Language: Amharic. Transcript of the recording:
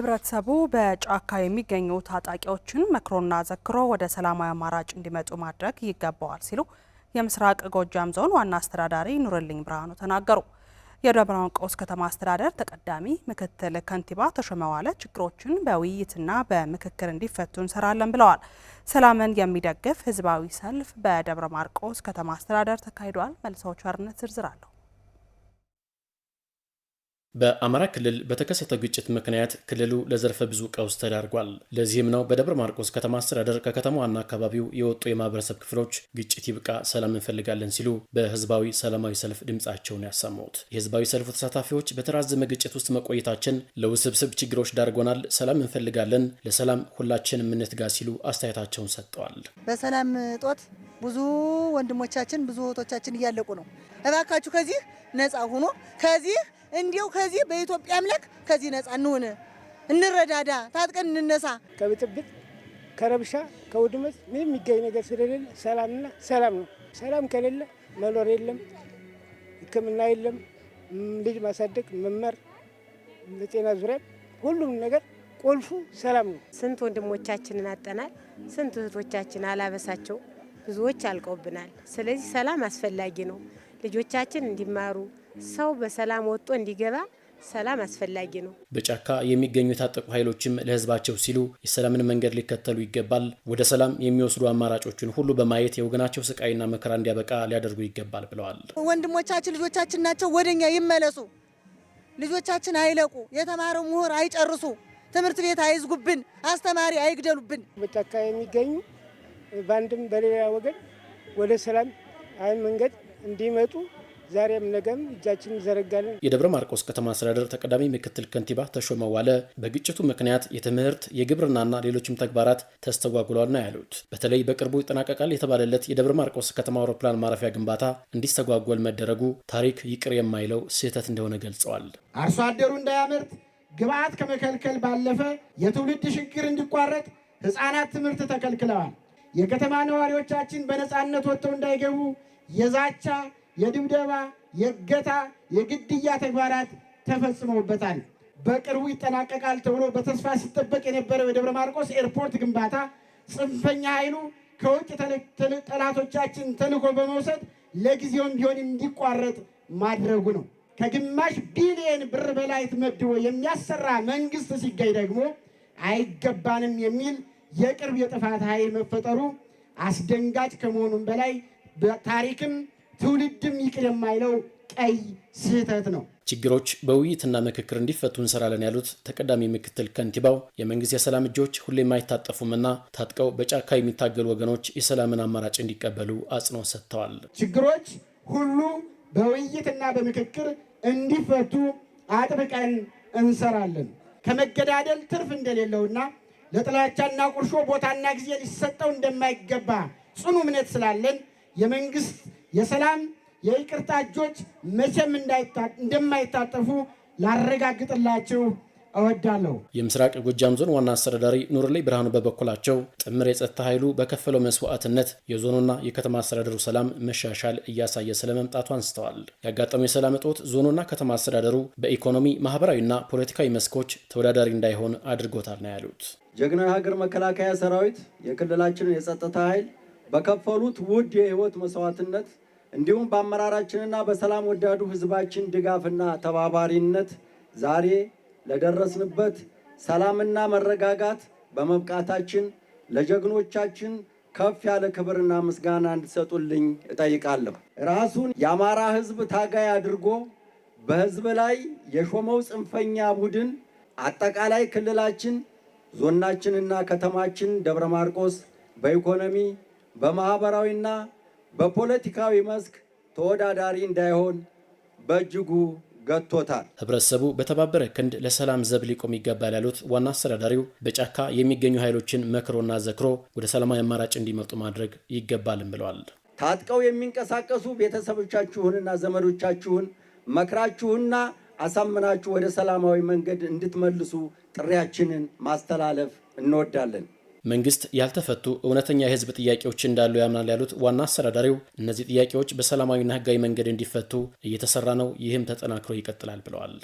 ህብረተሰቡ በጫካ የሚገኙ ታጣቂዎችን መክሮና ዘክሮ ወደ ሰላማዊ አማራጭ እንዲመጡ ማድረግ ይገባዋል ሲሉ የምስራቅ ጎጃም ዞን ዋና አስተዳዳሪ ኑርልኝ ብርሃኑ ተናገሩ። የደብረ ማርቆስ ከተማ አስተዳደር ተቀዳሚ ምክትል ከንቲባ ተሾመ ዋለ ችግሮችን በውይይትና በምክክር እንዲፈቱ እንሰራለን ብለዋል። ሰላምን የሚደግፍ ህዝባዊ ሰልፍ በደብረ ማርቆስ ከተማ አስተዳደር ተካሂዷል። መልሰው ቸርነት ዝርዝር አለሁ በአማራ ክልል በተከሰተው ግጭት ምክንያት ክልሉ ለዘርፈ ብዙ ቀውስ ተዳርጓል። ለዚህም ነው በደብረ ማርቆስ ከተማ አስተዳደር ከከተማዋና አካባቢው የወጡ የማህበረሰብ ክፍሎች ግጭት ይብቃ፣ ሰላም እንፈልጋለን ሲሉ በህዝባዊ ሰላማዊ ሰልፍ ድምፃቸውን ያሰሙት። የህዝባዊ ሰልፉ ተሳታፊዎች በተራዘመ ግጭት ውስጥ መቆየታችን ለውስብስብ ችግሮች ዳርጎናል፣ ሰላም እንፈልጋለን፣ ለሰላም ሁላችንም እንትጋ ሲሉ አስተያየታቸውን ሰጥተዋል። በሰላም እጦት ብዙ ወንድሞቻችን ብዙ እህቶቻችን እያለቁ ነው። እባካችሁ ከዚህ ነፃ ሁኖ ከዚህ እንዲው ከዚህ በኢትዮጵያ አምላክ ከዚህ ነፃ እንሆነ፣ እንረዳዳ፣ ታጥቀን እንነሳ። ከብጥብጥ ከረብሻ ከውድመት ምንም የሚገኝ ነገር ስለሌለ ሰላምና ሰላም ነው። ሰላም ከሌለ መኖር የለም፣ ሕክምና የለም፣ ልጅ ማሳደግ፣ መማር፣ በጤና ዙሪያ ሁሉም ነገር ቆልፉ ሰላም ነው። ስንት ወንድሞቻችንን አጠናል፣ ስንት እህቶቻችን አላበሳቸው፣ ብዙዎች አልቀውብናል። ስለዚህ ሰላም አስፈላጊ ነው። ልጆቻችን እንዲማሩ ሰው በሰላም ወጥቶ እንዲገባ ሰላም አስፈላጊ ነው። በጫካ የሚገኙ የታጠቁ ኃይሎችም ለሕዝባቸው ሲሉ የሰላምን መንገድ ሊከተሉ ይገባል። ወደ ሰላም የሚወስዱ አማራጮችን ሁሉ በማየት የወገናቸው ስቃይና መከራ እንዲያበቃ ሊያደርጉ ይገባል ብለዋል። ወንድሞቻችን ልጆቻችን ናቸው፣ ወደኛ ይመለሱ። ልጆቻችን አይለቁ፣ የተማረው ምሁር አይጨርሱ፣ ትምህርት ቤት አይዝጉብን፣ አስተማሪ አይግደሉብን። በጫካ የሚገኙ በአንድም በሌላ ወገን ወደ ሰላም አይ መንገድ እንዲመጡ ዛሬም ነገም እጃችን እንዘረጋለን። የደብረ ማርቆስ ከተማ አስተዳደር ተቀዳሚ ምክትል ከንቲባ ተሾመ ዋለ በግጭቱ ምክንያት የትምህርት የግብርናና ሌሎችም ተግባራት ተስተጓጉሏል ነው ያሉት። በተለይ በቅርቡ ይጠናቀቃል የተባለለት የደብረ ማርቆስ ከተማ አውሮፕላን ማረፊያ ግንባታ እንዲስተጓጎል መደረጉ ታሪክ ይቅር የማይለው ስህተት እንደሆነ ገልጸዋል። አርሶ አደሩ እንዳያመርት ግብዓት ከመከልከል ባለፈ የትውልድ ሽግግር እንዲቋረጥ ህፃናት ትምህርት ተከልክለዋል። የከተማ ነዋሪዎቻችን በነፃነት ወጥተው እንዳይገቡ የዛቻ፣ የድብደባ፣ የእገታ፣ የግድያ ተግባራት ተፈጽመውበታል። በቅርቡ ይጠናቀቃል ተብሎ በተስፋ ሲጠበቅ የነበረው የደብረ ማርቆስ ኤርፖርት ግንባታ ጽንፈኛ ኃይሉ ከውጭ ጠላቶቻችን ተልዕኮ በመውሰድ ለጊዜውም ቢሆን እንዲቋረጥ ማድረጉ ነው። ከግማሽ ቢሊየን ብር በላይ ተመድቦ የሚያሰራ መንግስት ሲገኝ ደግሞ አይገባንም የሚል የቅርብ የጥፋት ኃይል መፈጠሩ አስደንጋጭ ከመሆኑም በላይ ታሪክም ትውልድም ይቅር የማይለው ቀይ ስህተት ነው። ችግሮች በውይይትና ምክክር እንዲፈቱ እንሰራለን ያሉት ተቀዳሚ ምክትል ከንቲባው የመንግስት የሰላም እጆች ሁሌም አይታጠፉምና ታጥቀው በጫካ የሚታገሉ ወገኖች የሰላምን አማራጭ እንዲቀበሉ አጽንኦት ሰጥተዋል። ችግሮች ሁሉ በውይይትና በምክክር እንዲፈቱ አጥብቀን እንሰራለን። ከመገዳደል ትርፍ እንደሌለውና ለጥላቻና ቁርሾ ቦታና ጊዜ ሊሰጠው እንደማይገባ ጽኑ እምነት ስላለን የመንግስት የሰላም የይቅርታ እጆች መቼም እንደማይታጠፉ ላረጋግጥላችሁ እወዳለሁ። የምስራቅ ጎጃም ዞን ዋና አስተዳዳሪ ኑርሌይ ብርሃኑ በበኩላቸው ጥምር የጸጥታ ኃይሉ በከፈለው መስዋዕትነት የዞኑና የከተማ አስተዳደሩ ሰላም መሻሻል እያሳየ ስለመምጣቱ አንስተዋል። ያጋጠመው የሰላም እጦት ዞኑና ከተማ አስተዳደሩ በኢኮኖሚ ማህበራዊና ፖለቲካዊ መስኮች ተወዳዳሪ እንዳይሆን አድርጎታል ነው ያሉት። ጀግና የሀገር መከላከያ ሰራዊት፣ የክልላችንን የጸጥታ ኃይል በከፈሉት ውድ የህይወት መስዋዕትነት እንዲሁም በአመራራችንና በሰላም ወዳዱ ህዝባችን ድጋፍና ተባባሪነት ዛሬ ለደረስንበት ሰላምና መረጋጋት በመብቃታችን ለጀግኖቻችን ከፍ ያለ ክብርና ምስጋና እንዲሰጡልኝ እጠይቃለሁ። ራሱን የአማራ ህዝብ ታጋይ አድርጎ በህዝብ ላይ የሾመው ጽንፈኛ ቡድን አጠቃላይ ክልላችን ዞናችንና ከተማችን ደብረ ማርቆስ በኢኮኖሚ በማህበራዊና በፖለቲካዊ መስክ ተወዳዳሪ እንዳይሆን በእጅጉ ገጥቶታል። ህብረተሰቡ በተባበረ ክንድ ለሰላም ዘብ ሊቆም ይገባል ያሉት ዋና አስተዳዳሪው በጫካ የሚገኙ ኃይሎችን መክሮና ዘክሮ ወደ ሰላማዊ አማራጭ እንዲመጡ ማድረግ ይገባልም ብለዋል። ታጥቀው የሚንቀሳቀሱ ቤተሰቦቻችሁንና ዘመዶቻችሁን መክራችሁና አሳምናችሁ ወደ ሰላማዊ መንገድ እንድትመልሱ ጥሪያችንን ማስተላለፍ እንወዳለን። መንግስት ያልተፈቱ እውነተኛ የህዝብ ጥያቄዎች እንዳሉ ያምናል ያሉት ዋና አስተዳዳሪው እነዚህ ጥያቄዎች በሰላማዊና ህጋዊ መንገድ እንዲፈቱ እየተሰራ ነው፣ ይህም ተጠናክሮ ይቀጥላል ብለዋል።